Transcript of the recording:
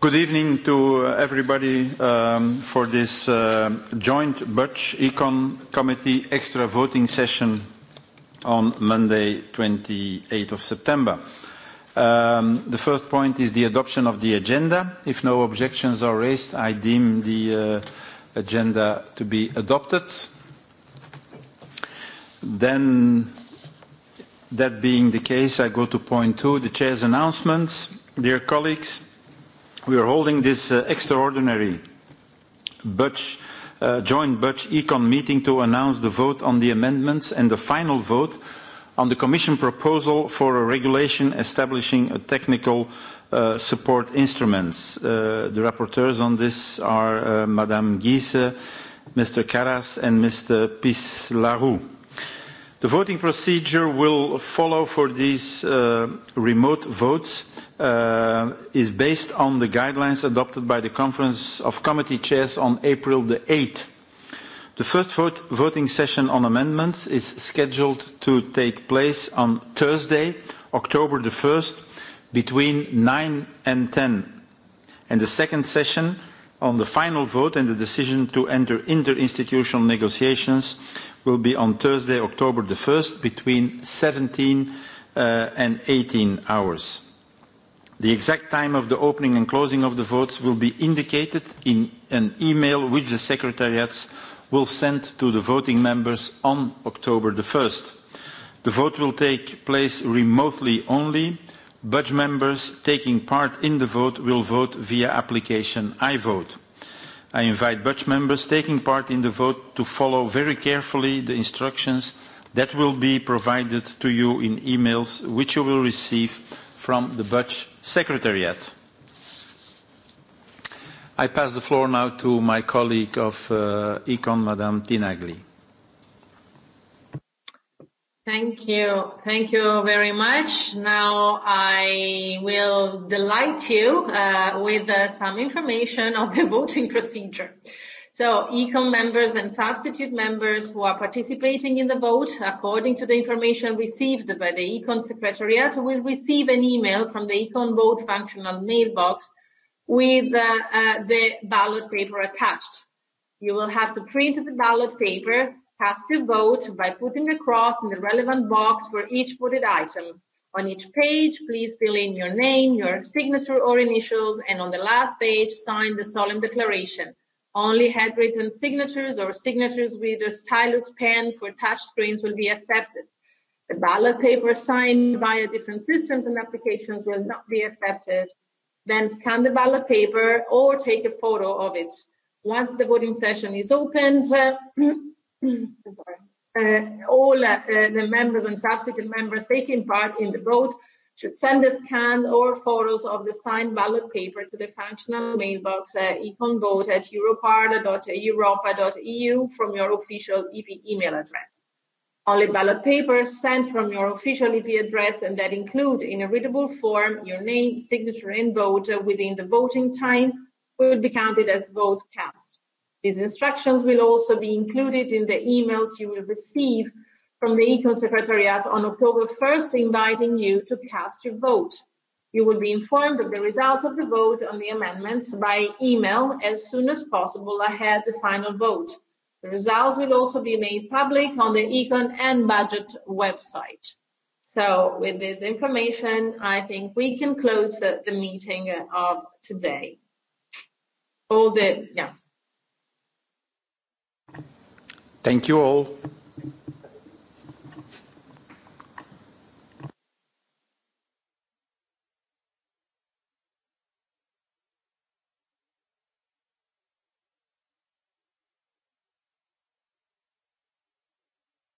Good evening to everybody um, for this uh, joint butch Econ Committee extra voting session on Monday, 28th of September. Um, the first point is the adoption of the agenda. If no objections are raised, I deem the uh, agenda to be adopted. Then That being the case, I go to point two, the Chair's announcements. Dear colleagues, we are holding this uh, extraordinary Butch, uh, joint budget econ meeting to announce the vote on the amendments and the final vote on the Commission proposal for a regulation establishing a technical uh, support instruments. The rapporteurs on this are Madame Giese, Mr. Karas and Mr. Pislaroux. The voting procedure will follow for these uh, remote votes uh, is based on the guidelines adopted by the Conference of Committee Chairs on April the 8th. The first voting session on amendments is scheduled to take place on Thursday, October the 1st, between 9 and 10. And the second session on the final vote and the decision to enter interinstitutional negotiations will be on Thursday, October the 1st, between 17 uh, and 18 hours. The exact time of the opening and closing of the votes will be indicated in an email which the secretariats will send to the voting members on October the 1st. The vote will take place remotely only Budge members taking part in the vote will vote via application I vote. I invite Budge members taking part in the vote to follow very carefully the instructions that will be provided to you in emails which you will receive from the Budge Secretariat. I pass the floor now to my colleague of uh, Econ, Madame Tinagli. Thank you. Thank you very much. Now I will delight you uh, with uh, some information on the voting procedure. So ECOM members and substitute members who are participating in the vote, according to the information received by the ECOM Secretariat, will receive an email from the ECON vote functional mailbox with uh, uh, the ballot paper attached. You will have to print the ballot paper has to vote by putting a cross in the relevant box for each voted item. On each page, please fill in your name, your signature or initials, and on the last page, sign the solemn declaration. Only handwritten signatures or signatures with a stylus pen for touch screens will be accepted. The ballot paper signed by a different system and applications will not be accepted. Then scan the ballot paper or take a photo of it. Once the voting session is opened, uh, all uh, the members and subsequent members taking part in the vote should send a scan or photos of the signed ballot paper to the functional mailbox uh, econvote at europarda.europa.eu e from your official EP email address. Only ballot papers sent from your official EP address and that include in a readable form your name, signature and vote within the voting time will be counted as votes cast. These instructions will also be included in the emails you will receive from the Econ Secretariat on October 1st, inviting you to cast your vote. You will be informed of the results of the vote on the amendments by email as soon as possible ahead the final vote. The results will also be made public on the Econ and Budget website. So with this information, I think we can close the meeting of today. All the, yeah, Thank you all.